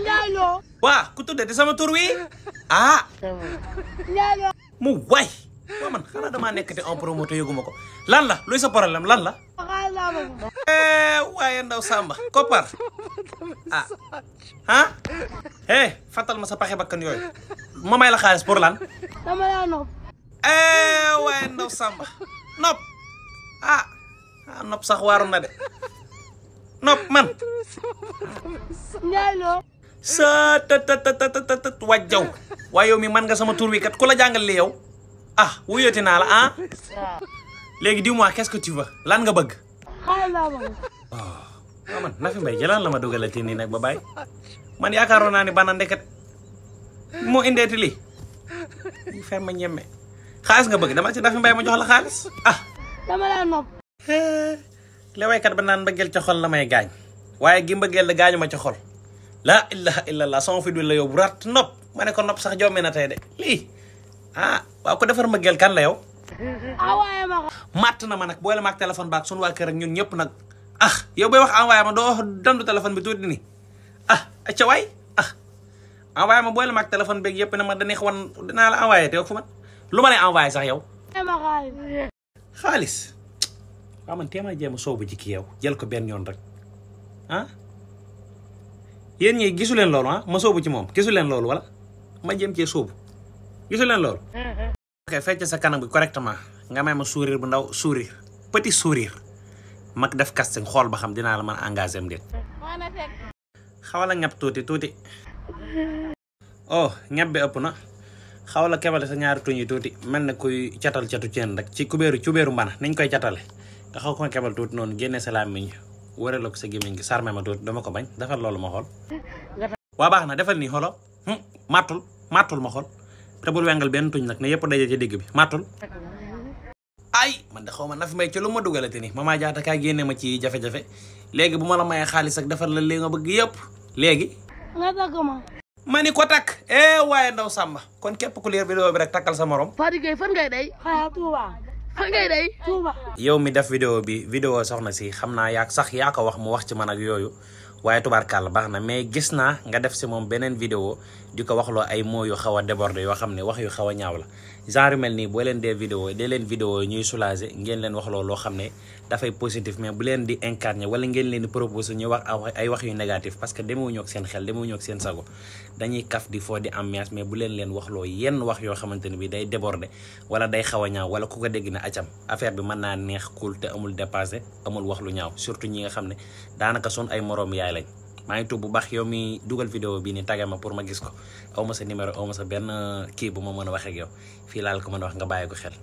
Ndiaye waa ku tuddati sama tur wi ah. Ndiaye mu waay. waaw man xanaa damaa nekk en promoteur yëguma ko lan la luy sa problème lan la. waaye ndaw Samba koppar ah ah. eh, eh ma sa paxe bakkan yooyu ma may la xaalis pour lan. dama laa nopp. Eh, waaye ndaw Samba nopp ah ah nopp sax waaru na de nopp man. Ndiaye sa ta ta ta ta wàjjaw waaye yow mi man nga sama tur wi kat ku la jàngal li yow ah wuyooti naa la ah léegi dis-moi qu'est-ce que tu veux lan nga bëgg. waaw ah, man Nafi Mbaye jëlaat la ma dugalati nii nag ba bàyyi man yaakaaroon naa ne bana ndeket moo indeeti lii fer ma ñemme xaalis nga bëgg dama ci Nafi Mbaye ma jox la xaalis ah. dama la nopp. Eh, li waykat ba naan mbëggeel ca xol la may gaañ waaye gi mbëggeel la gaañu ma ca xol. laa ilaha illallah sama fit wi la yóbbu rat nopp ma ne nopp sax jommi na tey de lii ah waaw ko defar mbëggeel kan la yow. ma na ma nag boole maak téléphone baak sunu waa kër ñun ñëpp nag ah yow booy wax envoyé ma doo wax bi tuuti nii ah, ah. ma boole maag téléphone beeg yëpp na ma dañuy xawoon dinaa la envoyé ma lu ma lay sax yow. xaalis. waaw man téeméer jéem a soobu ji ki jël ko benn yoon rek ah? yéen ñi gisu leen loolu ah ma sóobu ci moom gisu leen loolu wala ma jëm cee sóobu gisu leen loolu. ok fecc sa kanam bi correctement nga may ma sourire bu ndaw sourire petit sourire mag def casting xool ba xam dinaa la mën a engagé am déet. xaw la ñab tuuti tuuti. oh ñab bi ëpp na. xaw la kebale sa ñaari tuñ yi tuuti mel na kuy catal catu ceen rek ci kubéeru cubéeru mbana niñ koy catale nga xaw ko kebal tuuti noonu génne sa làmmiñ waree la sa gémmiñ gi sarme ma doot dama ko bañ defal loolu ma xool waa baax na defal ni xolo màttul màttul ma xool te bul wengal benn tuñ nag ne yëpp daje ci digg bi matul ay man de xaw ma na fi may ci lu ma dugalate ni ma jaata kaa génne ma ci jafe-jafe léegi bu ma la mayee xaalis ak defal la li nga bëgg yëpp léegi ma ma ni ko takk eh waaye ndaw sàmba kon képp ku leer vidéo bi rek takkal sa morom Fatick fan ngay day ngay yow mi def vidéo bi vidéo soxna si xam naa yaa sax yaa ko wax mu wax ci man ak yooyu waaye tubaarkàlla baax na mais gis naa nga def si moom beneen vidéo di ko waxloo ay mots yu xaw a débordé yoo xam ne wax yu xaw a ñaaw la genre mel nii boo leen dee vidéo de leen vidéo ñuy soulager ngeen leen waxloo loo xam ne dafay positif mais bu leen di incarner wala ngeen leen di proposer wax ay wax yu negatif parce que demewuñu ak seen xel demewuñu ak seen sago dañuy kaf di foo di ambiance mais bu leen leen waxloo yenn wax yoo xamante ne bi day débordé wala day xaw a ñaaw wala ku ko dégg ne acam affaire bi mën naa neex cool te amul dépassé amul wax lu ñaaw surtout ñi nga xam ne daanaka sun ay moroom yaay bàyyi lañ maa ngi bu baax yow mi dugal vidéo bi ni tagge ma pour ma gis ko aw ma sa numéro aw ma sa benn kii bu ma mën a wax ak yow fii laal ko mën a wax nga bàyyi ko xel